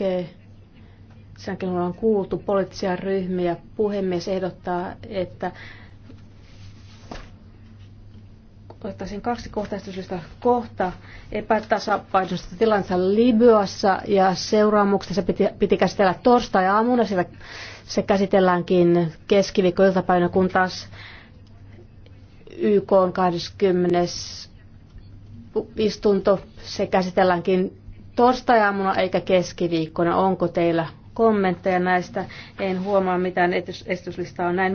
Okei. senkin ollaan kuultu, poliittisia ryhmiä. Puhemies ehdottaa, että ottaisin kaksi kohtaistuslista kohta epätasapainoisesta tilansa Libyassa ja seuraamuksesta se piti, piti käsitellä torstai-aamuna, sitä se käsitelläänkin keskiviikko-iltapäivänä, kun taas YK on 20 istunto, se käsitelläänkin Torstai torstai-aamuna eikä keskiviikkona. Onko teillä kommentteja näistä? En huomaa mitään estyslistaa on näin